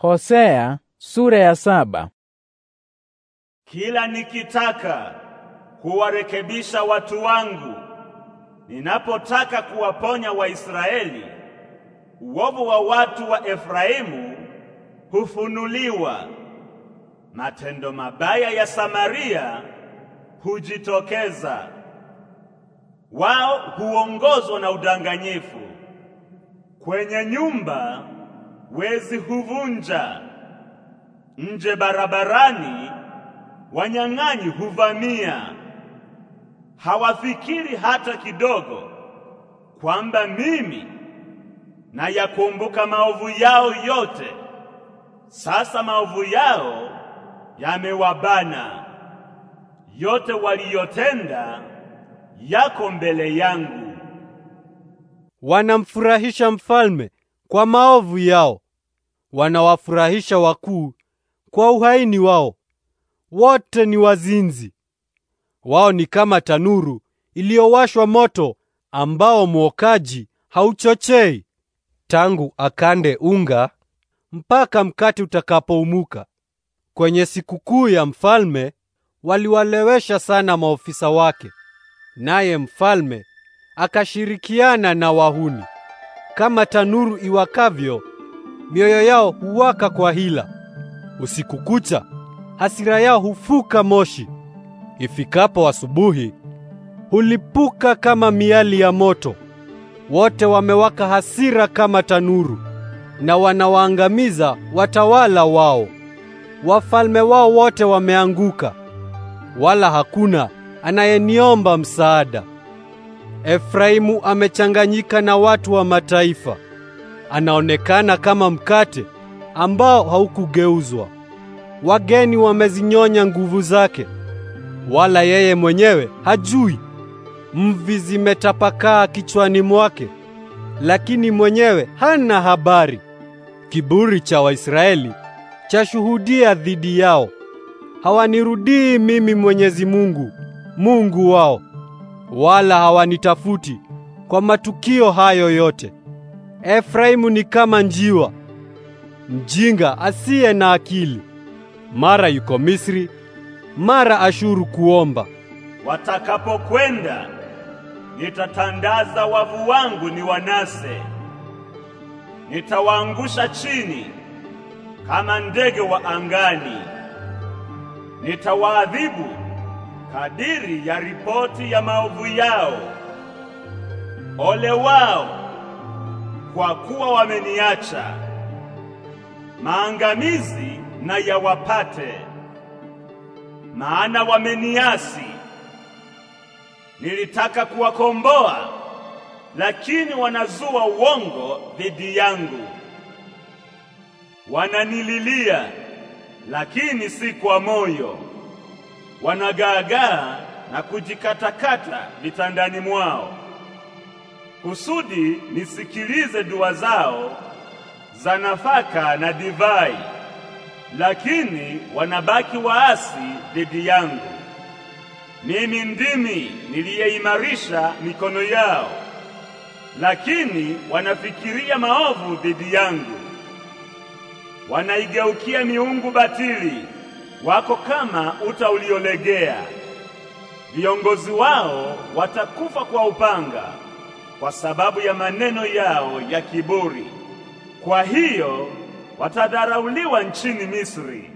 Hosea sura ya saba. Kila nikitaka kuwarekebisha watu wangu, ninapotaka kuwaponya Waisraeli, uovu wa watu wa Efraimu hufunuliwa, matendo mabaya ya Samaria hujitokeza. Wao huongozwa na udanganyifu kwenye nyumba wezi huvunja, nje barabarani wanyang'anyi huvamia. Hawafikiri hata kidogo kwamba mimi na yakumbuka maovu yao yote. Sasa maovu yao yamewabana, yote waliyotenda yako mbele yangu. Wanamfurahisha mfalme kwa maovu yao wanawafurahisha wakuu kwa uhaini wao. Wote ni wazinzi. Wao ni kama tanuru iliyowashwa moto ambao mwokaji hauchochei tangu akande unga mpaka mkate utakapoumuka. Kwenye sikukuu ya mfalme waliwalewesha sana maofisa wake, naye mfalme akashirikiana na wahuni. Kama tanuru iwakavyo, mioyo yao huwaka kwa hila, usiku kucha hasira yao hufuka moshi, ifikapo asubuhi hulipuka kama miali ya moto. Wote wamewaka hasira kama tanuru, na wanawaangamiza watawala wao. Wafalme wao wote wameanguka, wala hakuna anayeniomba msaada. Efraimu amechanganyika na watu wa mataifa anaonekana kama mkate ambao haukugeuzwa. Wageni wamezinyonya nguvu zake, wala yeye mwenyewe hajui. Mvi zimetapakaa kichwani mwake, lakini mwenyewe hana habari. Kiburi cha Waisraeli chashuhudia dhidi yao, hawanirudii mimi Mwenyezi Mungu, Mungu wao, wala hawanitafuti kwa matukio hayo yote. Efraimu ni kama njiwa, mjinga asiye na akili. Mara yuko Misri, mara Ashuru kuomba. Watakapokwenda nitatandaza wavu wangu ni wanase nitawaangusha chini kama ndege wa angani. Nitawaadhibu kadiri ya ripoti ya maovu yao. Ole wao kwa kuwa wameniacha. Maangamizi na yawapate, maana wameniasi. Nilitaka kuwakomboa, lakini wanazua uongo dhidi yangu. Wananililia, lakini si kwa moyo. Wanagaagaa na kujikatakata vitandani mwao kusudi nisikilize dua zao za nafaka na divai, lakini wanabaki waasi dhidi yangu. Mimi ndimi niliyeimarisha mikono yao, lakini wanafikiria maovu dhidi yangu. Wanaigeukia miungu batili, wako kama uta uliolegea. Viongozi wao watakufa kwa upanga kwa sababu ya maneno yao ya kiburi. Kwa hiyo watadharauliwa nchini Misri.